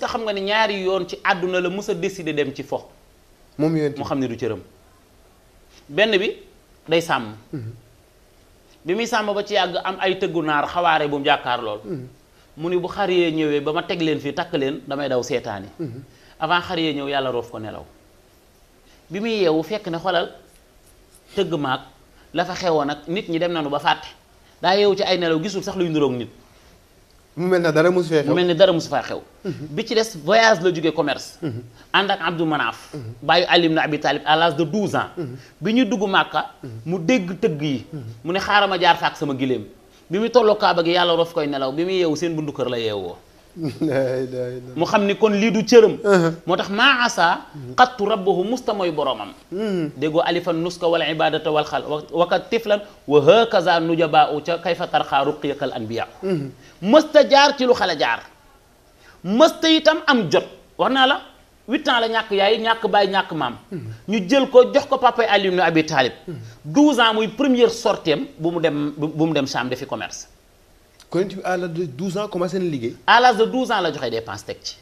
que xam nga ne ñaari yoon ci àdduna la mës a dem ci fo moom yonent mu xam ne du cëram benn bi day sàmm mhm. bi muy sàmm ba ci yàgg am ay tëggu naar xawaare bu mu jàkkaar lool mhm. mu ni bu xar yee ñëwee ba ma teg leen fii takk leen damay daw seetaani mhm. avant xar yee ñëw yàlla roof ko nelaw bi muy yeewu fekk ne xolal tëgg maag la fa xewoon ak nit ñi dem nañu ba fàtte daa yeewu ci ay nelaw gisul sax luy niroog nit mu mel ne dara mosu fee xew mel ne dara mosu faa xew. Mhm. bi ci des voyage la juge commerce. Mhm. ànd ak Abdou Manaaf. Mhm. bàyyi Ali na Abi Talib à l'âge de 12 ans. bi ñu dugg Màkka. mu dégg tëgg yi. mu ne xaaral ma jaar fa ak sama gileem. bi muy tolloo Kaaba gi yàlla rof koy nelaw bi muy yeewu seen bundu kër la yeewoo. mu xam ni kon lii du cëram uh-huh. moo tax maa asa xattu mm-hmm. rabbahu musta mooy boroomam mm-hmm. déggoo alifan nuska wal ibadata wal wa wakat tiflan wa hakaza nujaba u ca kayfa tarxaa ruqiyakal anbiya mësta mm-hmm. jaar ci lu xale jaar mësta itam am jot wax naa la huit ans la ñàkk yaay ñàkk baay ñàkk maam ñu jël ko jox ko papay Ali ibn Abi Talib douze ans muy première sortiem bu mu dem bu mu dem Sham defi commerce Corinthians bi à l'âge de 12 ans commencé na liggéey. à de 12 ans la joxe dépense teg ci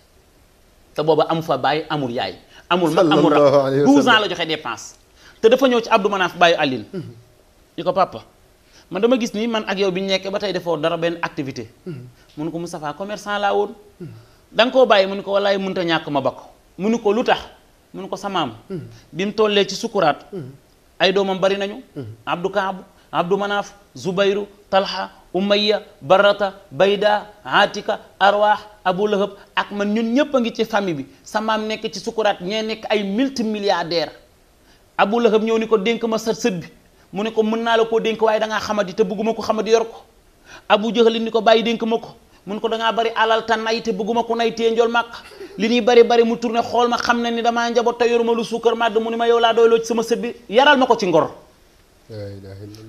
te booba amu fa bàyyi amul yaay. amul mag amul rab 12 ans la joxe dépense. te dafa ñëw ci Abdou Manaf bàyyi Aline. ñu mhm. ko papa man dama gis ni man ak yow bi ñu nekkee ba tey defoo dara benn activité. Mhm. mu ne ko mu Moustapha commerçant laa woon. Mhm. danga koo bàyyi mu ne ko walaay mënut a ñàkk ma ba ko. mu ne ko lu tax mu ne ko samaam. bi mu tollee ci sukuraat. ay doomam bari nañu. Abdou Kaabu. abdu manaaf zubayru talha umayya barata bayda atika arwaax abu lahab ak man ñun ñépp a ngi ci famille bi sa maam nekk ci sukuraat ñee nekk ay multimilliardaire abu lahab ñëw ni ko dénk ma sa sët bi mu ne ko mën naa la koo dénk waaye dangaa xamadi te bëgguma ko xamadi yor ko abu jëxali ni ko bàyyi dénk ma ko mun ko dangaa bari alal te nay te bëgguma ko nay tee njool màkk li ñuy bari bari mu tourné xool ma xam ne ni damaa njaboot te yoruma lu suukar màdd mu ni ma yow laa doyloo ci sama sët bi yaral ma ko ci ngor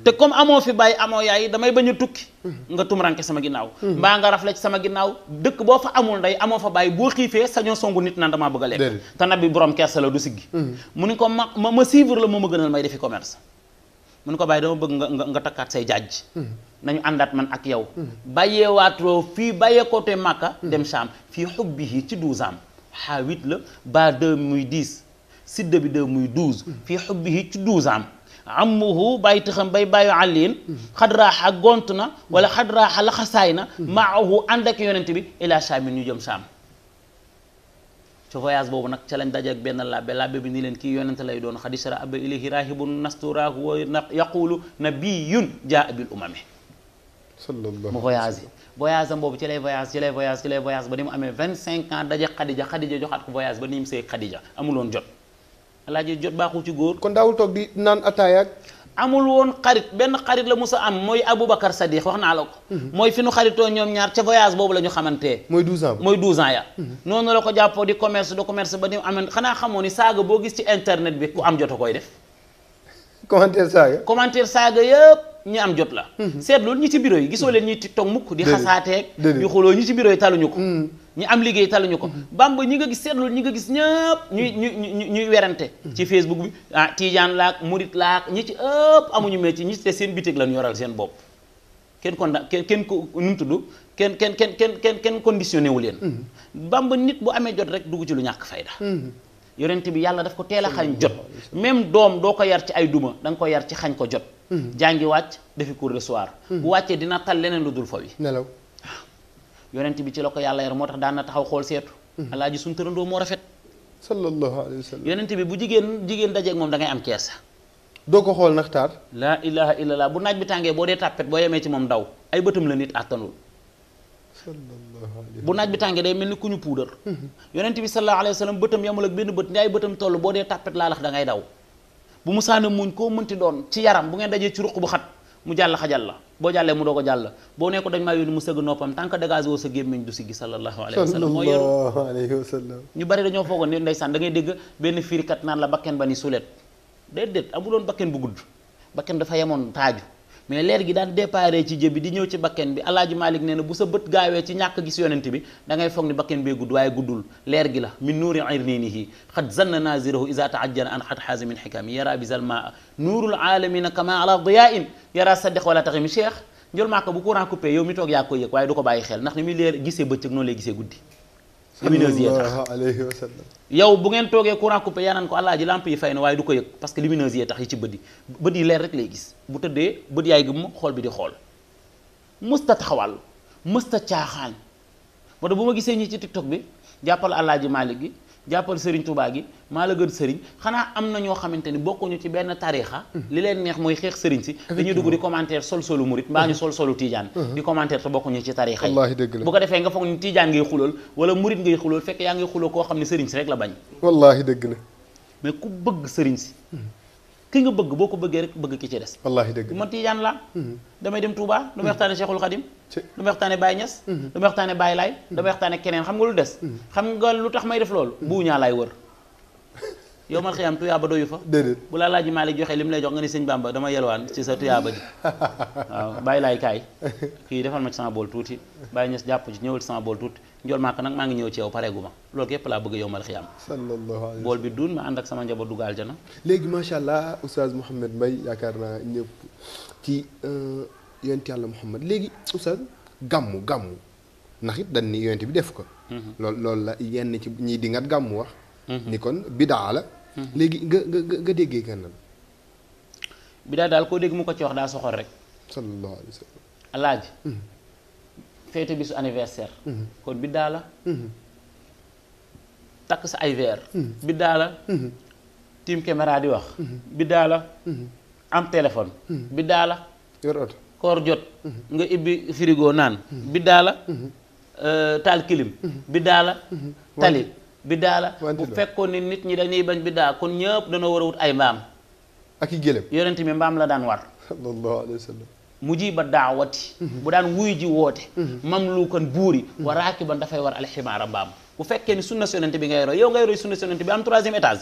te comme amoo fi bàyyi amoo yaay damay bañ a tukki hmm. nga tumuranke sama ginnaaw hmm. mbaa nga rafle ci sama ginnaaw dëkk boo fa amul ndey amoo fa bàyyi boo xiifee sañoo songu nit naan damaa bëgg a lekk te nab bi borom kersa la du sigg hmm. mu ni ko ma ma ma suivre la moo ma gënal may defi commerce mu ni ko bàyyi dama bëgg nga nga takkaat say jaaj nañu àndaat man ak yow bàyyeewaatoo fii bàyyeekootee makka dem Cham fii xubbi yi ci douze ans xaa huit la ba deux muy dix sidda bi muy douze fii xubbi yi ci douze ans amuhu bàyyi taxam bay bàyyu àlliin xad raaxa gont na wala xad raaxa laxasaay na maahu ànd ak yonent bi ila saamin ñu jëm saam ci voyage boobu nag ca lañ daje ak benn labbe labbe bi ni leen kii yonent lay doon xad isra aba ilayhi raahibun nasturaahu wa yaqulu nabiyun jaa bil umami mu voyage yi voyage am boobu ci lay voyage ci lay voyage ci lay voyage ba mu amee vingt cinq ans daje xadija xadija joxaat ko ba ni mu see xadija amuloon jot alaaji jot baaxu ci góor. kon daawul toog di naan ataaya amul woon xarit benn xarit la musa am mooy Aboubacar Sadiq wax naa la ko. Mhm. mooy fi nu xaritoo ñoom ñaar ca voyage boobu la ñu xamante mooy 12 ans mooy 12 ans ya. Mhm. noonu la ko jàppoo di commerce de commerce ba ni amee xanaa xamoo ni saaga boo gis ci internet bi ku am jot a koy def. commentaire saaga. yëpp ñi am jot la. Mhm. seetlu ñi ci bureau yi gisoo leen ñi TikTok mukk di xasaateeg. di ñi ci bureau yi taluñu ko. ñi am liggéey taluñu ko mm-hmm. bamba ñi nga gis seetlul ñi nga gis ñëpp ñuy mm-hmm. ñu ñuy werante mm-hmm. ci facebook bi ah tiijaan laak murit laak ñi ci ëpp amuñu métier ñi te seen bitig lañu yoral seen bopp kenn kon da kenn kenn ko nu mu tudd kenn kenn kenn kenn kenn kenn conditionné wu leen bamba nit bu amee jot rek dugg ci lu ñàkk fayda yorante bi yàlla daf ko teel a xañ jot même doom doo ko yar ci ay duma da nga ko yar ci xañ ko jot jàngi wàcc defi cours de soir bu wàccee dina tal leneen lu dul fa wi nelaw yonent bi ci la ko yàlla yar moo tax daan na taxaw xool seetu mhm. alaaji suñ tërandoo moo rafet sallallahu alayhi wa sallam yonent bi bu jigéen jigéen dajeeg moom da ngay am keesa doo ko xool nag taar laa ilaha laa bu naaj bi tàngee boo dee tàppet boo yamee ci moom daw ay bëtam la nit àttanul bu naaj bi tàngee day mel ni ku ñu puudar mhm. yonent bi sallallahu alayhi wa sallam bëtam yamul ak benn bët ndaay bëtam toll boo dee tàppet laalax da ngay daw bu mu saana muñ koo mënti doon ci yaram bu ngeen dajee ci ruq bu xat mu jàll xajal la boo jàllee mu doog a jàll boo ne ko dañ maa yónni mu sëgg noppam tant que dégage woo sa gémmiñ du si gi sallallahu alayhi wa sallam ñu bari dañoo foogoon ne ndeysaan da ngay dégg benn firikat naan la bakken ba ni sulet déedéet amuloon bakken bu gudd bakken dafa yemoon taaju mais leer gi daan déparé ci jëbi di ñëw ci bakken bi alaaji Malik nee na bu sa bët gaawee ci ñàkk gis yonent bi da ngay foog ni bakken bee gudd waaye guddul leer gi la min nuuri irniinihi xad zanna nazirahu isa taajjana an xad xaasa min xikami yara bisalmaa nuurul aalamina kama ala diya in yara saddex wala taxi mi cheikh njol maaka bu courant coupé yow mi toog yaa koy yëg waaye du ko bàyyi xel ndax ni muy leer gisee bëccëg noonu lay lumineuse yee tax yow bu ngeen toogee courant coupé yaa naan ko àllaaji lamp yi fay na waaye du ko yëg parce que lumineuse yee tax yi ci bët yi bët yi leer rek lay gis bu tëddee bët yaay gëm xool bi di xool mësta taxawal mësta caaxaan moo tax bu ma gisee ñi ci tiktok bi jàppal àllaaji Malick gi jàppal sëriñ tubaa gi maa la gën sëriñ xanaa am na ñoo xamante ni bokkuñu ci benn tariixa hmm. li leen neex mooy xeex sëriñ si dañuy dugg di commentaire sol solu murit mbaa ñu sol solu tijaan hmm. Hmm. di commentaire te bokkuñu ci tariixa yi bu ko defee nga foog ni tijaan ngay xulool wala murit ngay xulool fekk yaa ngay xuloo koo xam ne sëriñ si rek la bañ wallaahi dëgg la mais ku bëgg sëriñ si ki nga bëgg boo ko bëggee rek bëgg ki ci des wallaahi dëgg man Tijaan laa mhm. damay dem Touba damay mhm. waxtaane Cheikhul Khadim damay waxtaane Baye Niass mhm. damay waxtaane Baye Laay damay waxtaane keneen xam nga lu des xam nga lu tax may def loolu bu ñaa laay wër yow mal xiyaam tuyaaba doyu fa déedéet bu laa laaj maa joxe li lay jox nga ni sëñ Bamba dama yelwaan ci sa tuyaaba ji waaw Baye Laay kaay kii defal ma ci sama bool tuuti Baye Niass jàpp ci ñëwal ci sama bool tuuti njool maaka nag maa ngi ñëw ci yow pareegu ma loolu yëpp laa bëgg yow mal xiyaam sallallahu alayhi bool bi duun ma ànd ak sama njaboot dugg aljana léegi macha allah oustaz Mouhamed Mbaye yaakaar naa ñëpp ci euh, yonent yàlla Mouhamed léegi oustaz gàmmu gàmmu ndax it dañ ni yonent bi def ko mhm. lool loolu la yenn ci ñiy dingat gàmmu wax mhm. ni kon bidaa la mhm. léegi nga nga nga déggee kanam bidaa daal koo dégg mu ko ci wax daa soxor rek sallallahu alayhi bi bisu anniversaire. Mhm. kon biddaa la. Mhm. takk sa ay verre. Mhm. biddaa la. tiim caméra di wax. biddaa la. am téléphone. biddaa la. koor jot. nga ibbi frigo naan. biddaa la. Euh, taal kilim. biddaa la. tali biddaa la. bu fekkoon nit ñi dañuy bañ biddaa kon ñëpp dana war a wut ay mbaam. ak i gëlëm yonent mi mbaam la daan war. mu mujiba daawati mhm. bu daan wuyu ji woote mhm. mamlukan buuri mhm. wa raakiban dafay war alximaara mbaam bu fekkee ni sunna yonent bi ngay roy yow ngay roy sunna yonent bi am troisième étage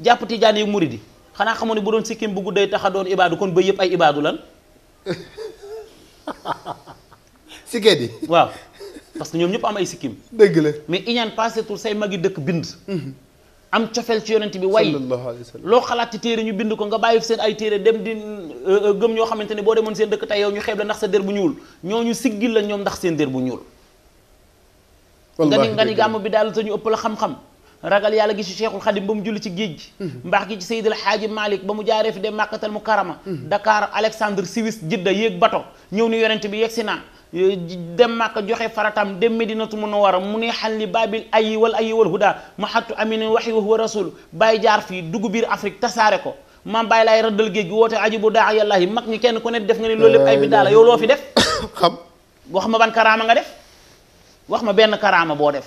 jàpp tijaan yi muridi xanaa xamoon ne bu doon sikkim bu gudday taxa doon ibaadu kon ba yëpp ay ibaadu lan sikkee di waaw parce que ñoom ñëpp am ay sikkim dëgg la mais iñaan passé tour say magi dëkk bind am cofeel ci yonent bi way loo xalaat ci téere ñu bind ko nga bàyyi seen ay téere dem di euh, euh, gëm ñoo xamante ne boo demoon seen dëkk tey yow ñu xeeb la ndax sa der bu ñuul ñooñu siggil la ñoom ndax bu ñuul nga ni nga ni gàmm bi daal te ñu ëpp la xam-xam ragal yàlla gi ci cheikhul xadim ba mu julli ci géej gi mhm. mbaax gi ci Seydil Haaji Malick ba mu jaaree fi dem màkkatal mu karama mhm. Dakar Alexandre Siwis Jidda yéeg bato ñëw ni yonent bi yegsi naa dem Màkka joxe farataam dem Medinatu Munawwara mu ne xal li baabil ayi wal ayi wal huda mu xattu aminin waxi wa huwa rasul bàyyi jaar fii dugg biir Afrique tasaare ko maam bàyyi laay rëddal géej gi woote aji bu daa yàlla yi mag ñi kenn ku ne def nga ni loolu lépp ay bi daala yow loo fi def xam wax ma ban karaama nga def wax ma benn karaama boo def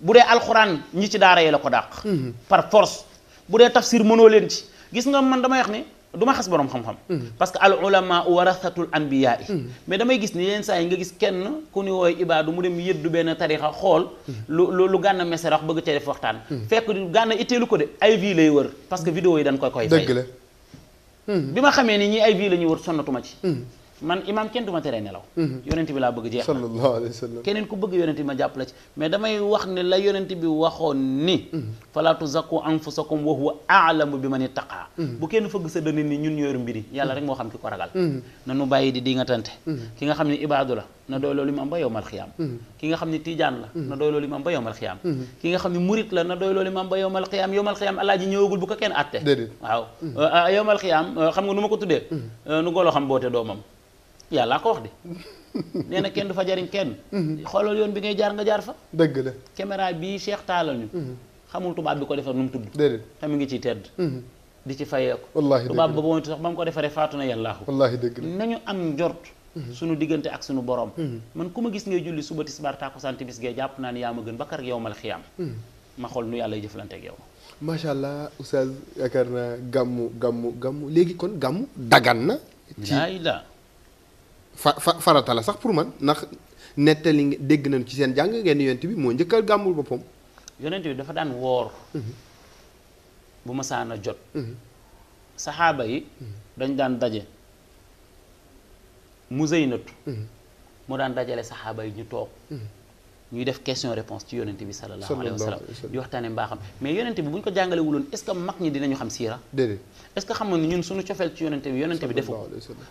bu dee alxuraan ñi ci daara yi la ko dàq mm-hmm. par force bu dee tafsir mënoo leen ci gis nga man damay wax du ma xas borom xam-xam mm. parce que al ulama warathatul anbiya yi mm. mais damay gis ni leen saa yi nga gis kenn ku ni wooy ibaadu mu dem yëddu benn tarixa xool mm. lu lu lu gànn mesere wax bëgg cee def waxtaan fekk gànn itteelu ko de ay vie lay wër parce que vidéo yi dan koy koy fay la bi ma xamee ni ñi ay vie la ñuy wër sonnatuma ci man imaam kenn du ma teree nelaw mhm. yonent bi laa bëgg jeex sallallahu alayhi wa sallam keneen ku bëgg yonent bi ma jàppale ci mais damay wax ne la yonent bi waxoon ni mhm. falaa tuzakku anfusakum wa huwa aalamu bi man ittaqaa mhm. bu kenn fëgg sa dënn ni ñun ñooru mbiri yàlla rek moo xam ki ko di di nga nga xam ne ibaadu la na doy loolu imaam ba yowmal xiyaam ki nga xam ne tijaan na doy loolu imaam ba yowmal xiyaam ki nga xam ne murit la na doy loolu imaam ba yowmal xiyaam yowmal xiyaam alaaji ñëwagul bu ko kenn atte waaw euh, euh, yowmal xiyaam euh, xam nga nu ma ko tuddee nu goloo xam boote doomam yàllaa ko wax de nee na kenn du fa jariñ kenn mhm. xoolal yoon bi ngay jaar nga jaar fa dëgg la caméra bii Cheikh taalal ñu mhm. xamul tubaab bi ko defar nu mu tudd déedéet nga ngi ciy tedd mhm. di ci fayeeku wallaahi tubaab ba moytu sax ba mu ko defaree faatu na yàllaahu wallaahi dëgg la nañu am njort suñu diggante ak suñu borom man ku ma gis ngay julli suba tisbaar tàkkusaan timis gee jàpp naa ni yaa ma gën ba kar yow mal xiyaam ma xool nu yàlla jëflante ak yow macha allah oustaz yaakaar naa gàmmu gàmmu gàmmu léegi kon gàmmu dagan na ci fa la sax pour man ndax nettali dégg nañu ci seen jàng ngeen yonent bi moo njëkkal a gàmmul boppam. yonent bi dafa daan woor. Mhm. bu masaan a jot. Mhm. saxaaba yi. Mhm. dañ daan daje. Muzaynatu. mu daan dajale saxaaba yi ñu toog. ñuy def question réponse ci yonente bi sallallahu alayhi wa sallam di waxtaane mbaaxam mais yonente bi bu ñu ko jàngale wuloon est ce que mag ñi dinañu xam siira déedéet est ce que xam nga ñun suñu cofeel ci yonente bi yonente bi defu ko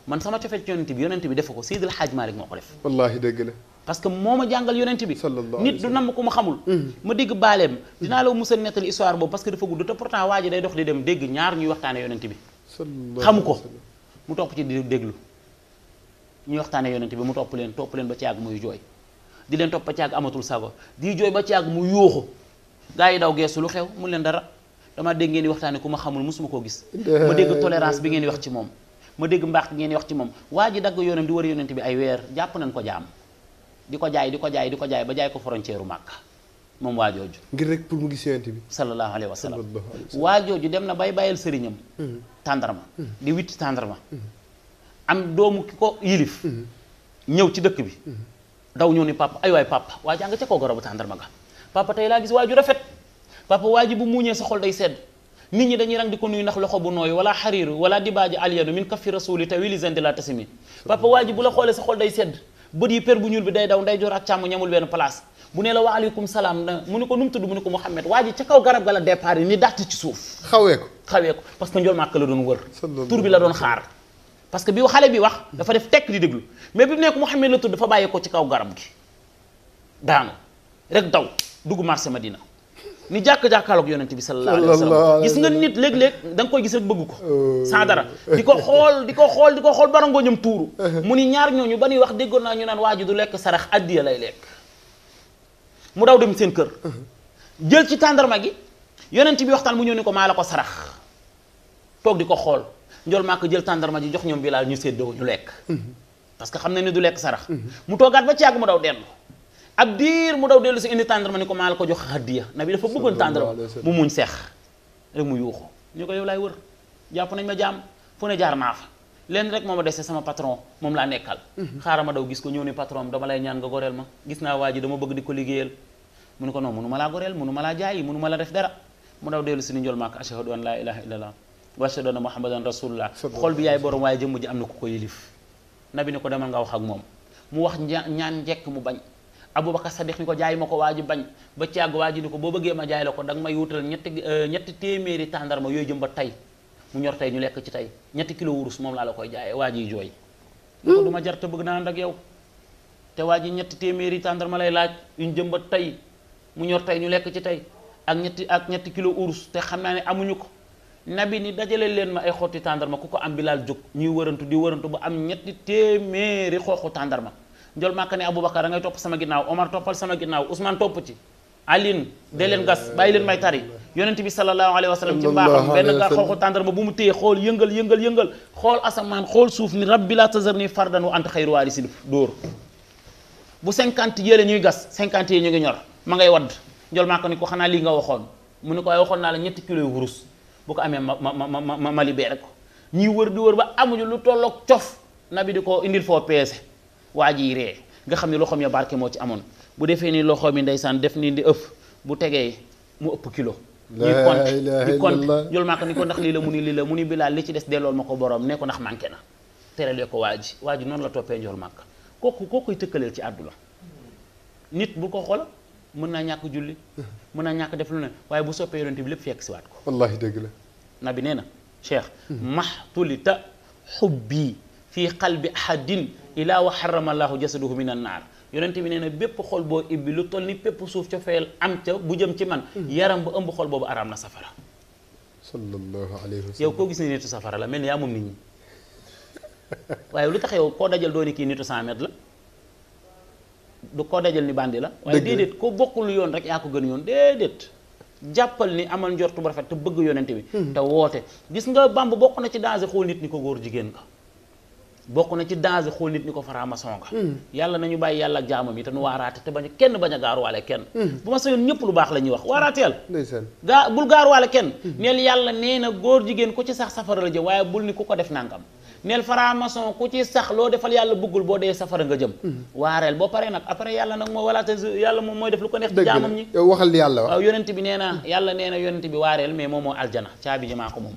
man sama cofeel ci yonente bi yonente bi defu ko Seydil Hadj Malick moo ko def wallaahi dëgg la parce que moo ma jàngal yonente bi nit du namm ku ma xamul mm-hmm. ma dégg baaleem dinaa la musa nettali histoire boobu parce que dafa gudd te pourtant waa ji day dox di dem dégg ñaar ñuy waxtaane yonente bi xamu ko mu topp ci di déglu ñuy waxtaane yonente bi mu topp leen topp leen ba ci yàgg muy jooy di leen topp ba caag amatul sago di jooy ba caag mu yuuxu gaa yi daw geesu lu xew mu leen dara dama dégg ngeen di waxtaane ku ma xamul mosuma koo gis ma dégg tolérance bi ngeen di wax ci moom ma dégg mbaax bi ngeen di wax ci moom waa ji dagg yoonam di war yonent bi ay weer jàpp nañ ko jaam di ko jaay di ko jaay di ko jaay ba jaay ko frontière u Màkka moom waa jooju ngir rek mu gis yonent bi sallallahu alayhi wa sallam waa jooju dem na bay bàyyil sëriñam mm-hmm. tàndarma mm-hmm. di witti tàndarma mm-hmm. am doomu ki ko yilif ñëw ci dëkk bi daw ñëw ni papa ay waay papa waa jaa nga ca kaw garabu tàndarma ga papa tey laa gis waa rafet papa waa bu muuñee sa xol day sedd nit ñi dañuy rang di ko nuyu ndax loxo bu nooy wala xariiru wala dibaaji aliyanu min kafi rasuli te wili zendi la tasimi papa waa ji bu la xoolee sa xol day sedd bët yi per bu ñuul bi day daw nday joor ak càmm ñamul benn place bu ne la wa aleykum salaam mu ne ko num tudd mu ne ko Mouhamed waa ji ca kaw la départ yi ni dàtt ko xawee ko parce que njool doon wër tur bi la doon xaar parce que bi xale bi wax dafa def tekk di déglu mais bi mu nekk xamee la tudd dafa bàyyi ko ci kaw garab gi daanu rek daw dugg marché dina ni jàkk-jàkkaaloog yonent bi sallallahu alayhi wa sallam gis nga nit léeg-léeg da nga koy gis rek bëgg ko euh, sans dara di ko xool di ko xool di ko xool barangoo ñëm tuuru mu ni ñaar ñooñu ba ñuy wax déggoon naa ñu naan waa ji du lekk sarax addiya lay lekk mu daw dem seen kër jël ci tàndarma gi yonent bi waxtaan mu ñëw ni ko maa la ko sarax toog di ko xool njool maa ko jël tàndarma ji jox ñoom laa ñu séddoo ñu lekk mhm. parce que xam na ne du lekk sarax mhm. mu toogaat ba ci yàgg mu daw dellu ak diir mu daw dellu si indi tàndarma ni ko maa la ko jox hadiya nabi dafa bëggoon tàndarma mu muñ seex ñu ko yow laay wër jàpp nañ ma jaam fu ne jaar naa fa lenn rek moo ma dese sama patron moom laa nekkal mhm. xaaral ma daw gis ko ñëw ni patron dama lay ñaan nga goreel ma gis naa waa ji dama bëgg di ko liggéeyal mu ne ko non munu ma laa goreel munu ma laa jaayi ma laa def dara mu daw dellu si ni njool maa wa ashhadu anna muhammadan rasulullah xol bi yaay borom waaye jëmm ji am na ko ko yëlif nabi ne ko demal nga wax ak moom mu wax ñaan njekk mu bañ aboubacar sadiq ni ko jaay ma ko waa ji bañ ba ci àgg waa ji ni ko boo bëggee ma jaay la ko danga may wutal ñetti euh, ñetti téeméeri tàndarma yooyu jëm ba tey mu ñor tey ñu lekk ci tey ñetti kilo wurus moom laa koy jaayee waa ji jooy ma jar bëgg naa ànd ak yow te waa ji ñetti téeméeri tàndarma lay laaj yuñ jëm ba tey mu ñor tey ñu lekk ci tey ak ñetti ak ñetti kilo urus te xam naa ne amuñu ko nabi ni dajale leen ma ay xotti tàndarma ku ko am bi bilaal jóg ñuy wërantu di wërantu ba am ñetti téeméeri xooxu tàndarma njol màkk ne aboubacar a ngay topp sama ginnaaw omar toppal sama ginnaaw ousmane topp ci alin dee leen gas bàyyi leen may tari yonent bi sallallahu alayhi wa sallam ci mbaaxam benn ga xooxu tàndarma bu mu téye xool yëngal yëngal yëngal xool asamaan xool suuf ni rabbi laa tazarni fardan wa anta xayru waarisiin dóor bu cinquante yële ñuy gas cinquante yi ñu ngi ñor ma ngay wadd njol màkk ni ko xanaa lii nga waxoon mu ne ko waxoon naa la ñetti kilo yu bu ko amee ma ma ma ma ma libéré ko ñuy wër di wër ba amuñu lu tolloog cof nabi di ko indil foo peese waa ji ree nga xam ne loxoom ya barke moo ci amoon bu defee ni loxo mi ndeysaan def nii di ëpp bu tegee mu ëpp kilo. ñuy compte di compte jël maa ko ni ko ndax lii la mu ni lii la mu ni bilaal li ci des dellool ma ko borom ne ko ndax manqué na terale ko waa ji waa ji noonu la toppee njool màkk kooku kookuy tëkkaleel ci àdduna nit bu ko xool mën naa ñàkk julli mën naa ñàkk def lu ne waaye bu soppee yonent bi lépp fekk si waat ko wallaahi dëgg la nabi nee na cheikh hmm. maxtulita xubbi fii qalbi ahadin ilaa wa xarama laahu jasaduhu min an naar yonent bi nee na bépp xol boo ibbi lu toll ni bépp suuf ca fayal am ca bu jëm ci man hmm. yaram bu ëmb xol boobu araam na safara sallallahu alayhi wa sallam koo gis ne nitu safara la mel ni yaa moom nit ñi waaye lu tax yow koo dajal dooni kii nitu 100 mètres la du ko dajal ni bandi la waaye déedéet ko bokkul yoon rek yaa ko gën yoon déedéet jàppal ni amal njortu bu rafet te bëgg yonent bi hmm. te woote gis nga bamb bokk na ci danger xool nit ni ko góor jigéen ka bokk na ci danger xool nit ni ko faramason ka hmm. yàlla nañu bàyyi yàlla ak jaamam yi te nu waaraate te bañ kenn bañ a gaaruwaale kenn hmm. bu ma sañoon ñëpp lu baax la ñuy wax waaraateel gaa bul gaaruwaale kenn neel yàlla nee na góor jigéen ko ci sax safara la jëm waaye bul ni ku ko def nangam neel franc-maçon ku ci sax loo defal yàlla bëggul boo dee safara nga jëm hmm. waareel boo paree nag après yàlla nag moo walaate yàlla moom mooy def lu ko neex ci jaamam ñi waxal yàlla waaw yonent bi nee na yàlla nee na yonent bi waareel mais moom moo aljana caabi ji maa ko moom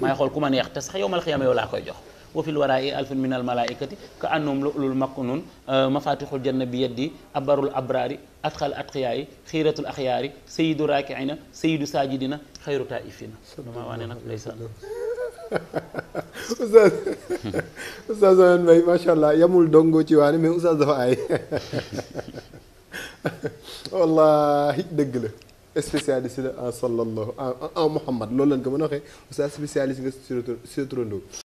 maay xool ku ma neex te sax yow mal xiyama yow laa koy jox wa fil waraa'i alfun min al malaa'ikati ka annahum lu'lu'un maknuun euh, mafatixul janna bi yaddi abarul abraari atqal atqiyaayi xiiratul axyaari sayidu raakiina sayidu saajidina oustaz oustaz Ousmane Mbaye macha allah yamul dongo ci waane mais oustaz dafa aay wallahi dëgg la spécialiste la en sallallahu en en Muhammad loolu lañ ko mën a waxee oustaz spécialiste nga sur